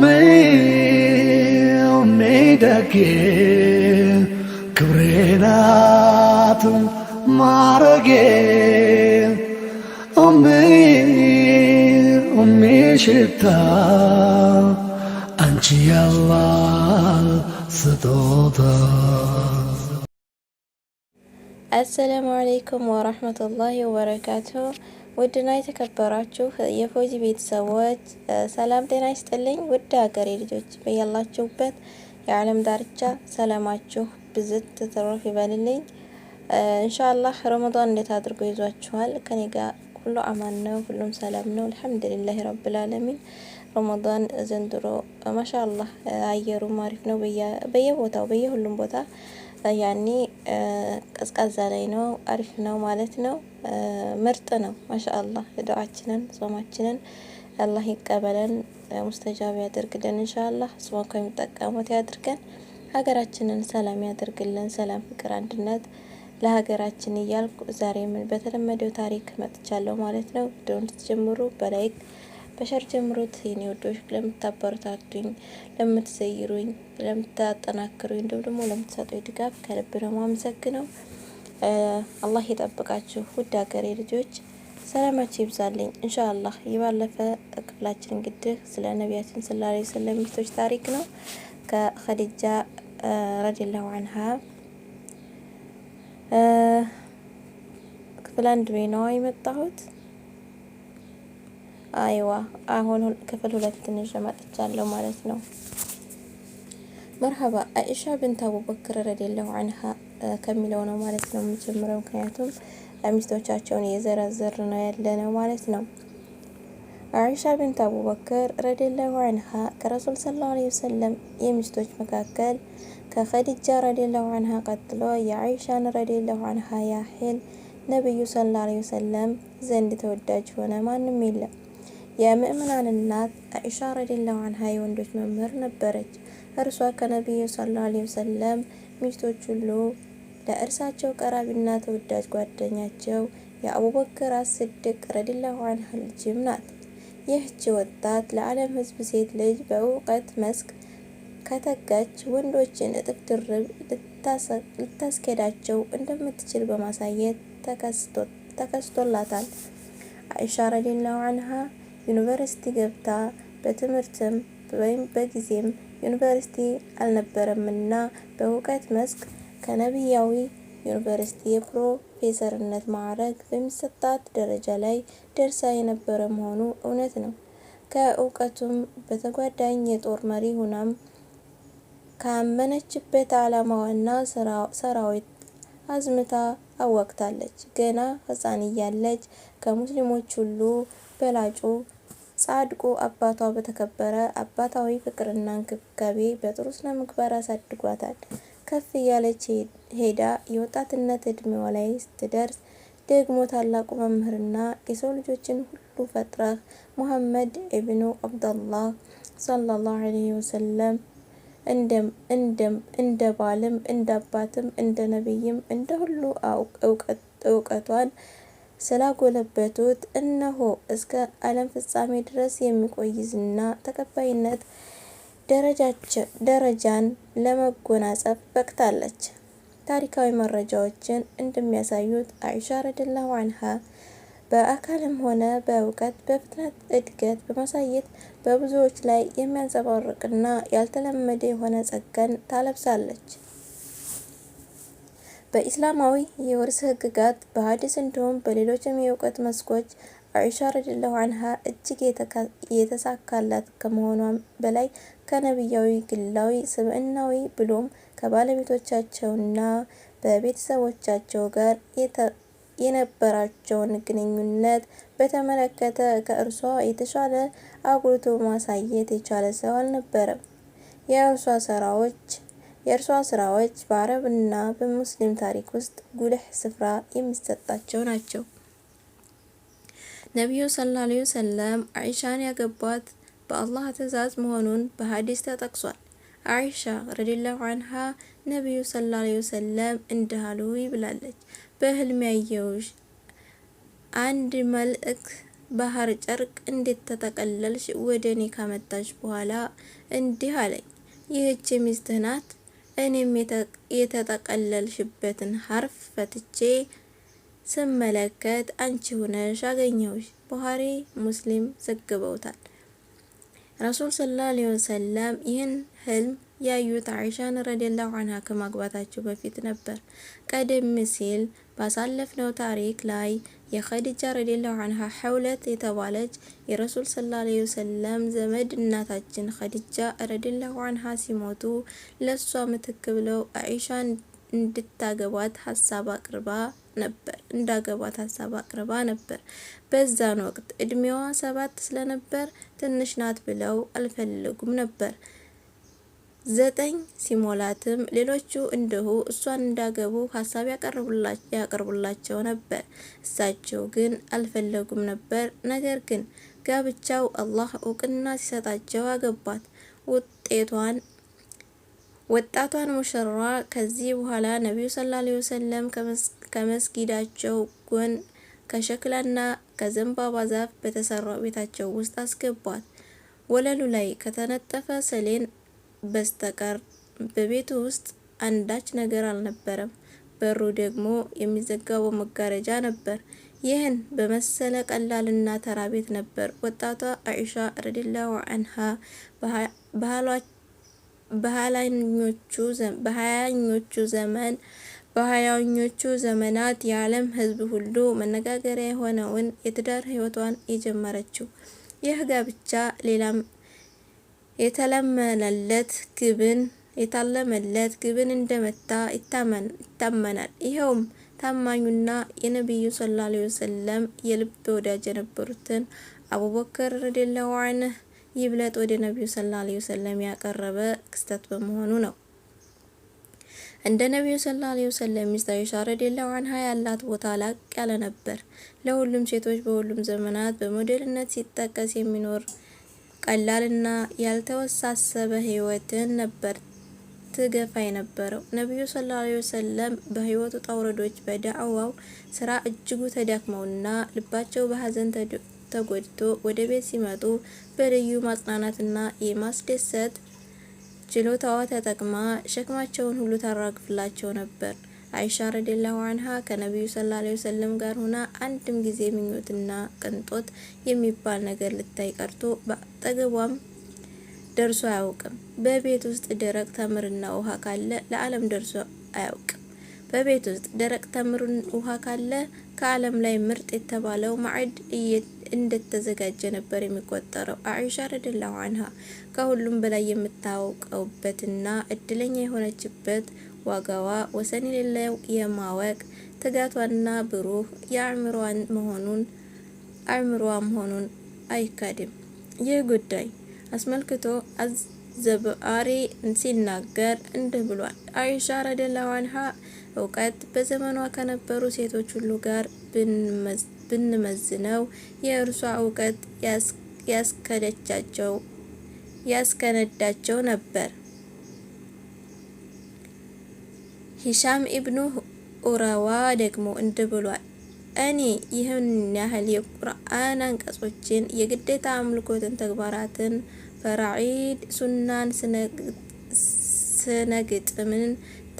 ሜሜደጌ ክብሬናት ማረጌ ሽታ አንቺ ያላል ስጦታ። አሰላሙ አለይኩም ወረሕመቱላሂ ወበረካቱሁ ውድና የተከበራችሁ የፎጂ ቤተሰቦች ሰላም ጤና ይስጥልኝ። ውድ ሀገሬ ልጆች በያላችሁበት የዓለም ዳርቻ ሰላማችሁ ብዝት ትትረፍ ይበልልኝ። እንሻአላህ ረመዷን እንዴት አድርጎ ይዟችኋል? ከኔ ጋር ሁሉ አማን ነው፣ ሁሉም ሰላም ነው። አልሐምዱሊላህ ረብልአለሚን ረመዷን ዘንድሮ ማሻአላህ አየሩም አሪፍ ነው፣ በየቦታው በየሁሉም ቦታ ያኔ ቀዝቃዛ ላይ ነው፣ አሪፍ ነው ማለት ነው። ምርጥ ነው። ማሻአላህ ዱዓችንን ጾማችንን አላህ ይቀበለን፣ ሙስተጃብ ያደርግልን ኢንሻአላህ። ጾም ከሚጠቀሙት ያድርገን፣ ሀገራችንን ሰላም ያድርግልን። ሰላም፣ ፍቅር፣ አንድነት ለሀገራችን እያልኩ ዛሬ ምን በተለመደው ታሪክ መጥቻለሁ ማለት ነው። ቪዲዮውን ስትጀምሩ በላይክ በሸር ጀምሩት የኔ ወዶች። ለምታበረታቱኝ፣ ለምትዘይሩኝ፣ ለምታጠናክሩኝ እንዲሁም ደግሞ ለምትሰጡኝ ድጋፍ ከልብ ነው ማመሰግነው። አላህ የጠብቃችሁ ውድ ሀገሬ ልጆች ሰላማችሁ ይብዛልኝ። እንሻአላህ የባለፈ ክፍላችን እንግዲህ ስለ ነቢያችን ስላ ዐለይሂ ሚስቶች ታሪክ ነው ከኸዲጃ ረዲላሁ አንሃ ክፍል አንድ ነው የመጣሁት። አይዋ አሁን ክፍል ሁለትን ይዤ መጥቻለሁ ማለት ነው። መርሀባ አኢሻ ብንት አቡበክር ረዲየላሁ አንሃ ከሚለው ነው ማለት ነው የሚጀምረው። ምክንያቱም ሚስቶቻቸውን እየዘረዘር ነው ያለ ነው ማለት ነው። አኢሻ ብንት አቡበክር ረዲየላሁ አንሃ ከረሱል ሰለላሁ ዐለይሂ ወሰለም የሚስቶች መካከል ከኸዲጃ ረዲየላሁ አንሃ ቀጥሎ የአኢሻን ረዲየላሁ አንሃ ያህል ነቢዩ ሰለላሁ ዐለይሂ ወሰለም ዘንድ ተወዳጅ ሆነ ማንም የለም። የምእምናን እናት አኢሻ ረዲላሁ አንሃ የወንዶች መምህር ነበረች። እርሷ ከነቢዩ ሰለላሁ ዐለይሂ ወሰለም ሚስቶች ሁሉ ለእርሳቸው ቀራቢና ተወዳጅ ጓደኛቸው የአቡበክር አስድቅ ረዲላሁ አንሃ ልጅም ናት። ይህች ወጣት ለዓለም ሕዝብ ሴት ልጅ በእውቀት መስክ ከተጋች ወንዶችን እጥፍ ድርብ ልታስኬዳቸው እንደምትችል በማሳየት ተከስቶላታል። አኢሻ ረዲላሁ አንሃ ዩኒቨርሲቲ ገብታ በትምህርትም ወይም በጊዜም ዩኒቨርሲቲ አልነበረምና በእውቀት መስክ ከነቢያዊ ዩኒቨርሲቲ የፕሮፌሰርነት ማዕረግ በሚሰጣት ደረጃ ላይ ደርሳ የነበረ መሆኑ እውነት ነው። ከእውቀቱም በተጓዳኝ የጦር መሪ ሁናም ካመነችበት ዓላማዋና ሰራዊት አዝምታ አዋግታለች። ገና ሕፃን እያለች ከሙስሊሞች ሁሉ በላጩ ጻድቁ አባቷ በተከበረ አባታዊ ፍቅርና እንክብካቤ በጥሩ ምግባር አሳድጓታል። ከፍ እያለች ሄዳ የወጣትነት እድሜዋ ላይ ስትደርስ ደግሞ ታላቁ መምህርና የሰው ልጆችን ሁሉ ፈጥረህ ሙሐመድ ኢብኑ አብደላህ ሰለላሁ ዐለይሂ ወሰለም እንደ ባልም እንደ አባትም እንደ ነቢይም እንደ ሁሉ እውቀቷን ስላጎለበቱት እነሆ እስከ ዓለም ፍጻሜ ድረስ የሚቆይ ዝና ተቀባይነት ደረጃን ለመጎናጸፍ በቅታለች። ታሪካዊ መረጃዎችን እንደሚያሳዩት አይሻ ረዲየላሁ አንሃ በአካልም ሆነ በእውቀት በፍጥነት እድገት በማሳየት በብዙዎች ላይ የሚያንጸባርቅና ያልተለመደ የሆነ ጸጋን ታለብሳለች። በኢስላማዊ የውርስ ህግጋት በሀዲስ እንዲሁም በሌሎችም የእውቀት መስኮች አኢሻ ረዲላሁ አንሃ እጅግ የተሳካላት ከመሆኗም በላይ ከነቢያዊ ግላዊ ስብዕናዊ ብሎም ከባለቤቶቻቸውና በቤተሰቦቻቸው ጋር የነበራቸውን ግንኙነት በተመለከተ ከእርሷ የተሻለ አጉልቶ ማሳየት የቻለ ሰው አልነበረም። የእርሷ ስራዎች የእርሷ ስራዎች በአረብና በሙስሊም ታሪክ ውስጥ ጉልህ ስፍራ የሚሰጣቸው ናቸው። ነቢዩ ሰለላሁ ዐለይሂ ወሰለም አይሻን ያገቧት በአላህ ትዕዛዝ መሆኑን በሀዲስ ተጠቅሷል። አይሻ ረዲላሁ አንሃ ነቢዩ ሰለላሁ ዐለይሂ ወሰለም እንዳሉ ብላለች። በህልም ያየውሽ አንድ መልእክ ባህር ጨርቅ እንዴት ተጠቀለልሽ ወደ እኔ ካመጣሽ በኋላ እንዲህ አለኝ፣ ይህች ሚስትህ ናት። እኔም የተጠቀለልሽበትን ሀርፍ ፈትቼ ስመለከት አንቺ ሆነሽ አገኘሁሽ። ቡኻሪ ሙስሊም ዘግበውታል። ረሱል ሰለላሁ ዐለይሂ ወሰለም ይህን ህልም ያዩት አይሻን ረዲየላሁ ዐንሃ ከማግባታቸው በፊት ነበር። ቀደም ሲል ባሳለፍነው ታሪክ ላይ የኸዲጃ ረዲላሁ አንሃ ሐውለት የተባለች የረሱል ሰለላሁ ዐለይሂ ወሰለም ዘመድ እናታችን ኸዲጃ ረዲላሁ አንሃ ሲሞቱ ለሷ ምትክ ብለው አኢሻን እንድታገባት ሀሳብ አቅርባ ነበር እንዳገባት ሀሳብ አቅርባ ነበር። በዛን ወቅት እድሜዋ ሰባት ስለነበር ትንሽ ናት ብለው አልፈለጉም ነበር። ዘጠኝ ሲሞላትም ሌሎቹ እንዲሁ እሷን እንዳገቡ ሀሳብ ያቀርቡላቸው ነበር። እሳቸው ግን አልፈለጉም ነበር። ነገር ግን ጋብቻው አላህ እውቅና ሲሰጣቸው አገቧት። ውጤቷን ወጣቷን ሙሽራ ከዚህ በኋላ ነቢዩ ሰለላሁ ዐለይሂ ወሰለም ከመስጊዳቸው ጎን ከሸክላና ከዘንባባ ዛፍ በተሰራው ቤታቸው ውስጥ አስገቧት። ወለሉ ላይ ከተነጠፈ ሰሌን በስተቀር በቤቱ ውስጥ አንዳች ነገር አልነበረም። በሩ ደግሞ የሚዘጋው መጋረጃ ነበር። ይህን በመሰለ ቀላልና ተራ ቤት ነበር ወጣቷ አኢሻ ረዲላሁ አንሃ በሀያኞቹ ዘመን በሀያኞቹ ዘመናት የዓለም ሕዝብ ሁሉ መነጋገሪያ የሆነውን የትዳር ህይወቷን የጀመረችው። ይህ ጋብቻ ሌላም የተለመነለት ግብን የታለመለት ግብን እንደመታ ይታመናል። ይኸውም ታማኙና የነቢዩ ሰለላሁ ዐለይሂ ወሰለም የልብ ወዳጅ የነበሩትን አቡበከር ረዲየላሁ ዐንሁ ይብለጥ ወደ ነቢዩ ሰለላሁ ዐለይሂ ወሰለም ያቀረበ ክስተት በመሆኑ ነው። እንደ ነቢዩ ሰለላሁ ዐለይሂ ወሰለም ሚስት አይሻ ረዲየላሁ ዐንሃ ያላት ቦታ ላቅ ያለ ነበር። ለሁሉም ሴቶች በሁሉም ዘመናት በሞዴልነት ሲጠቀስ የሚኖር ቀላልና ያልተወሳሰበ ህይወትን ነበር ትገፋ የነበረው። ነቢዩ ሰለላሁ ዐለይሂ ወሰለም በህይወቱ ውጣ በዳዕዋው ስራ እጅጉ ተዳክመውና ልባቸው በሀዘን ተጎድቶ ወደ ቤት ሲመጡ በልዩ ማጽናናትና የማስደሰት ችሎታዋ ተጠቅማ ሸክማቸውን ሁሉ ታራግፍላቸው ነበር። አይሻ ረዲላሁ አንሃ ከነቢዩ ሰለላሁ ዐለይሂ ወሰለም ጋር ሆና አንድም ጊዜ ምኞትና ቅንጦት የሚባል ነገር ልታይ ቀርቶ አጠገቧም ደርሶ አያውቅም። በቤት ውስጥ ደረቅ ተምርና ውሃ ካለ ለዓለም ደርሶ አያውቅም። በቤት ውስጥ ደረቅ ተምሩን ውሃ ካለ ከዓለም ላይ ምርጥ የተባለው ማዕድ እንደተዘጋጀ ነበር የሚቆጠረው። አኢሻ ረድላሁ አንሃ ከሁሉም በላይ የምታውቀውበትና እድለኛ የሆነችበት ዋጋዋ ወሰን የሌለው የማወቅ ትጋቷና ብሩህ የአእምሯን መሆኑን አእምሯ መሆኑን አይካድም። ይህ ጉዳይ አስመልክቶ አዘብአሪ ሲናገር እንዲህ ብሏል። አይሻ ረዲየላሁ አንሃ እውቀት በዘመኗ ከነበሩ ሴቶች ሁሉ ጋር ብንመዝነው የእርሷ እውቀት ያስከደቻቸው ያስከነዳቸው ነበር። ሂሻም ኢብኑ ኡራዋ ደግሞ እንዲህ ብሏል። እኔ ይህን ያህል የቁርአን አንቀጾችን የግዴታ አምልኮትን ተግባራትን፣ ፈራዒድ፣ ሱናን፣ ስነ ግጥምን፣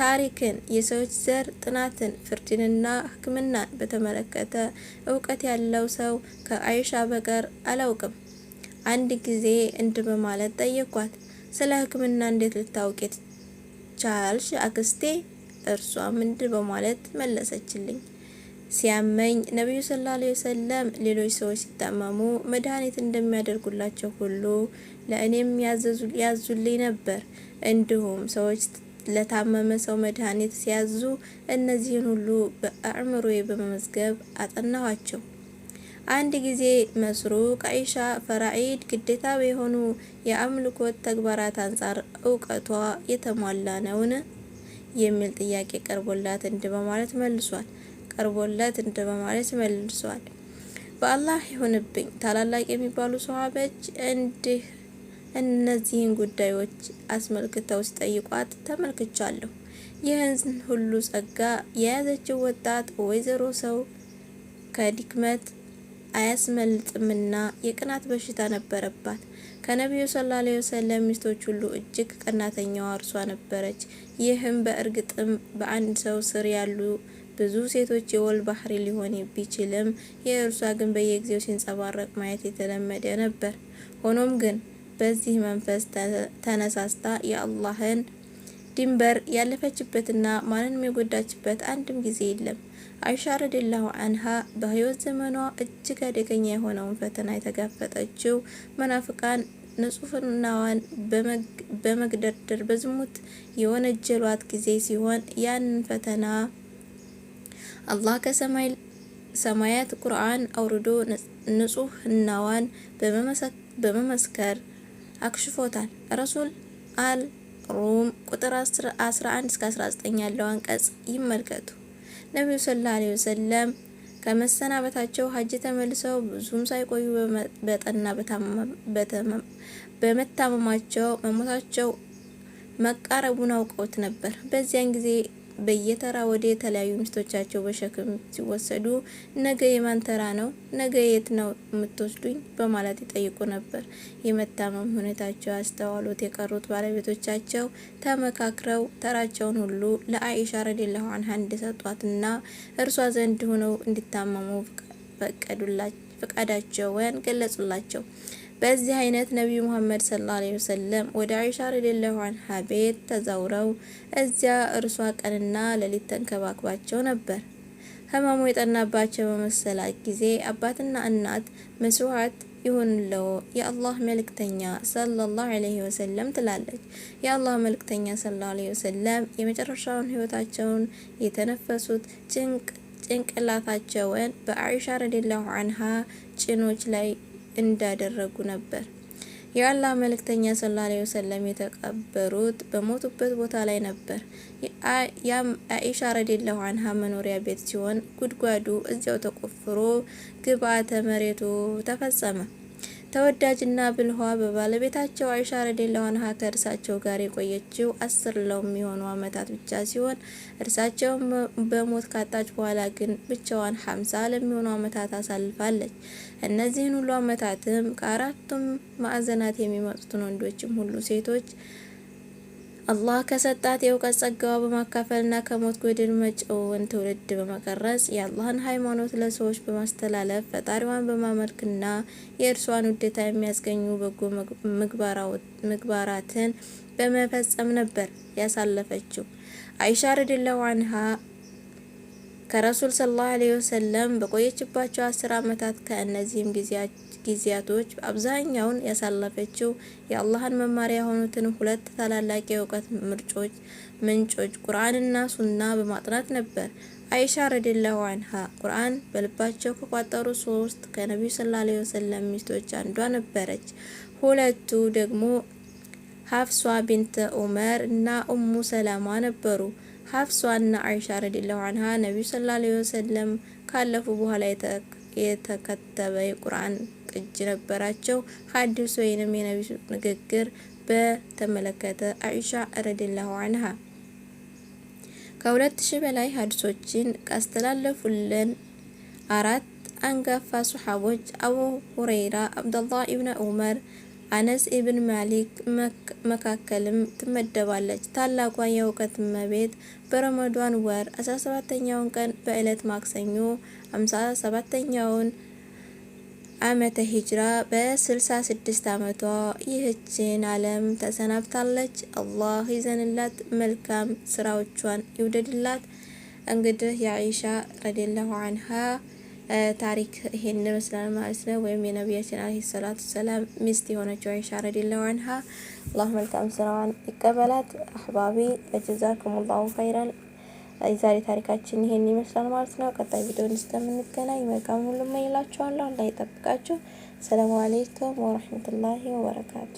ታሪክን፣ የሰዎች ዘር ጥናትን፣ ፍርድንና ሕክምናን በተመለከተ እውቀት ያለው ሰው ከአይሻ በቀር አላውቅም። አንድ ጊዜ እንድ በማለት ጠየኳት፣ ስለ ሕክምና እንዴት ልታውቂ ቻልሽ አክስቴ? እርሷም እንዲህ በማለት መለሰችልኝ። ሲያመኝ ነቢዩ ሰለላሁ ዐለይሂ ወሰለም ሌሎች ሰዎች ሲታመሙ መድኃኒት እንደሚያደርጉላቸው ሁሉ ለእኔም ያዙልኝ ነበር። እንዲሁም ሰዎች ለታመመ ሰው መድኃኒት ሲያዙ እነዚህን ሁሉ በአእምሮዬ በመመዝገብ አጠናኋቸው። አንድ ጊዜ መስሩቅ አይሻ ፈራኢድ ግዴታ የሆኑ የአምልኮት ተግባራት አንጻር እውቀቷ የተሟላ ነውን? የሚል ጥያቄ ቀርቦላት እንዲህ በማለት መልሷል። ቀርቦለት እንደ በማለት መልሷል። በአላህ ይሁንብኝ ታላላቅ የሚባሉ ሰሃቦች እንዲህ እነዚህን ጉዳዮች አስመልክተው ሲጠይቋት ተመልክቻለሁ። ይህን ሁሉ ጸጋ የያዘችው ወጣት ወይዘሮ ሰው ከድክመት አያስመልጥምና የቅናት በሽታ ነበረባት። ከነቢዩ ሰለላሁ ዐለይሂ ወሰለም ሚስቶች ሁሉ እጅግ ቀናተኛዋ እርሷ ነበረች። ይህም በእርግጥም በአንድ ሰው ስር ያሉ ብዙ ሴቶች የወል ባህሪ ሊሆን ቢችልም የእርሷ ግን በየጊዜው ሲንጸባረቅ ማየት የተለመደ ነበር። ሆኖም ግን በዚህ መንፈስ ተነሳስታ የአላህን ድንበር ያለፈችበትና ማንንም የጎዳችበት አንድም ጊዜ የለም። አይሻ ረዲላሁ አንሃ በህይወት ዘመኗ እጅግ አደገኛ የሆነውን ፈተና የተጋፈጠችው መናፍቃን ንጹሕናዋን በመግደርደር በዝሙት የወነጀሏት ጊዜ ሲሆን ያንን ፈተና አላህ ከሰማይ ሰማያት ቁርአን አውርዶ ንጹህናዋን በመመስከር አክሽፎታል። ረሱል አል ሩም ቁጥር 11 እስከ 19 ያለው አንቀጽ ይመልከቱ። ነቢዩ ሰለላሁ ዐለይሂ ወሰለም ከመሰናበታቸው ሀጅ ተመልሰው ብዙም ሳይቆዩ በጠና በመታመማቸው መሞታቸው መቃረቡን አውቀውት ነበር። በዚያን ጊዜ በየተራ ወደ የተለያዩ ሚስቶቻቸው በሸክም ሲወሰዱ ነገ የማን ተራ ነው? ነገ የት ነው የምትወስዱኝ? በማለት ይጠይቁ ነበር። የመታመም ሁኔታቸው ያስተዋሉት የቀሩት ባለቤቶቻቸው ተመካክረው ተራቸውን ሁሉ ለአኢሻ ረዲላሁ አንሃ እንደሰጧትና እርሷ ዘንድ ሆነው እንዲታመሙ ፈቀዱላቸው፣ ፈቃዳቸውን ገለጹላቸው። በዚህ አይነት ነቢዩ መሐመድ ሰለላሁ ዐለይሂ ወሰለም ወደ አይሻ ረዲየላሁ ዐንሃ ቤት ተዛውረው እዚያ እርሷ ቀንና ሌሊት ተንከባክባቸው ነበር። ህመሙ የጠናባቸው በመሰላት ጊዜ አባትና እናት መስዋዕት ይሁንለው የአላህ መልእክተኛ ሰለላሁ ዐለይሂ ወሰለም ትላለች። የአላህ መልእክተኛ ሰለላሁ ዐለይሂ ወሰለም የመጨረሻውን ህይወታቸውን የተነፈሱት ጭንቅ ጭንቅላታቸውን በአይሻ ረዲየላሁ ዐንሃ ጭኖች ላይ እንዳደረጉ ነበር። የአላህ መልእክተኛ ሰለላሁ ዐለይሂ ወሰለም የተቀበሩት በሞቱበት ቦታ ላይ ነበር። የአኢሻ ረዲየላሁ አንሃ መኖሪያ ቤት ሲሆን ጉድጓዱ እዚያው ተቆፍሮ ግብአተ መሬቱ ተፈጸመ። ተወዳጅና ብልኋ በባለቤታቸው አይሻ ረዲየላሁ አንሃ ከእርሳቸው ጋር የቆየችው አስር ለሚሆኑ ዓመታት ብቻ ሲሆን እርሳቸውን በሞት ካጣች በኋላ ግን ብቻዋን ሀምሳ ለሚሆኑ ዓመታት አሳልፋለች። እነዚህን ሁሉ አመታትም ከአራቱም ማዕዘናት የሚመጡትን ወንዶችም ሁሉ ሴቶች አላህ ከሰጣት የእውቀት ጸጋዋ በማካፈልና ከሞት ጎድን መጪውን ትውልድ በመቀረጽ የአላህን ሃይማኖት ለሰዎች በማስተላለፍ ፈጣሪዋን በማመልክና የእርሷን ውዴታ የሚያስገኙ በጎ ምግባራትን በመፈጸም ነበር ያሳለፈችው። አይሻ ረዲላሁ አንሃ ከረሱል ሰለላሁ አለይሂ ወሰለም በቆየችባቸው አስር ዓመታት ከእነዚህም ጊዜያቸው ጊዜያቶች አብዛኛውን ያሳለፈችው የአላህን መማሪያ የሆኑትን ሁለት ታላላቅ የእውቀት ምርጮች ምንጮች ቁርአንና ሱና በማጥናት ነበር። አይሻ ረዲላሁ አንሃ ቁርአን በልባቸው ከቋጠሩ ሶስት ከነቢዩ ሰለላሁ ዐለይሂ ወሰለም ሚስቶች አንዷ ነበረች። ሁለቱ ደግሞ ሀፍሷ ቢንተ ኡመር እና ኡሙ ሰላማ ነበሩ። ሀፍሷ እና አይሻ ረዲላሁ አንሃ ነቢዩ ሰለላሁ ዐለይሂ ወሰለም ካለፉ በኋላ የተከተበ የቁርአን ቅጅ ነበራቸው። ሀዲስ ወይንም የነቢሱ ንግግር በተመለከተ አኢሻ ረዲላሁ አንሃ ከሁለት ሺህ በላይ ሀዲሶችን ካስተላለፉልን አራት አንጋፋ ሱሓቦች አቡ ሁረይራ፣ አብዱላህ ኢብነ ዑመር፣ አነስ ኢብን ማሊክ መካከልም ትመደባለች። ታላቋ የእውቀት እመቤት በረመዷን ወር አስራ ሰባተኛውን ቀን በዕለት ማክሰኞ አምሳ ሰባተኛውን ዓመተ ሂጅራ በ66 ዓመቷ ይህችን ዓለም ተሰናብታለች። አላህ ይዘንላት፣ መልካም ስራዎቿን ይውደድላት። እንግዲህ የአይሻ ረዲላሁ አንሃ ታሪክ ይሄን መስላል ማለት ነው። ወይም የነቢያችን አለይሂ ሰላቱ ሰላም ሚስት የሆነችው አይሻ ረዲላሁ አንሃ አላህ መልካም ስራዋን ይቀበላት። አህባቢ ጀዛኩሙላሁ ኸይራን የዛሬ ታሪካችን ይሄን ይመስላል ማለት ነው። ቀጣይ ቪዲዮን እስከምንገናኝ መልካም ሁሉ እመኝላችኋለሁ። አላህ ይጠብቃችሁ። ሰላም አለይኩም ወራህመቱላሂ ወበረካቱ።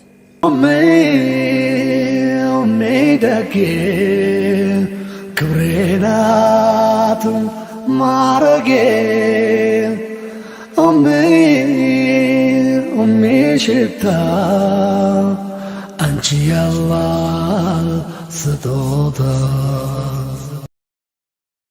ክብሬናት ማረጌ ኦሜ ኦሜ ሽታ አንቺ ያላ ስጦታ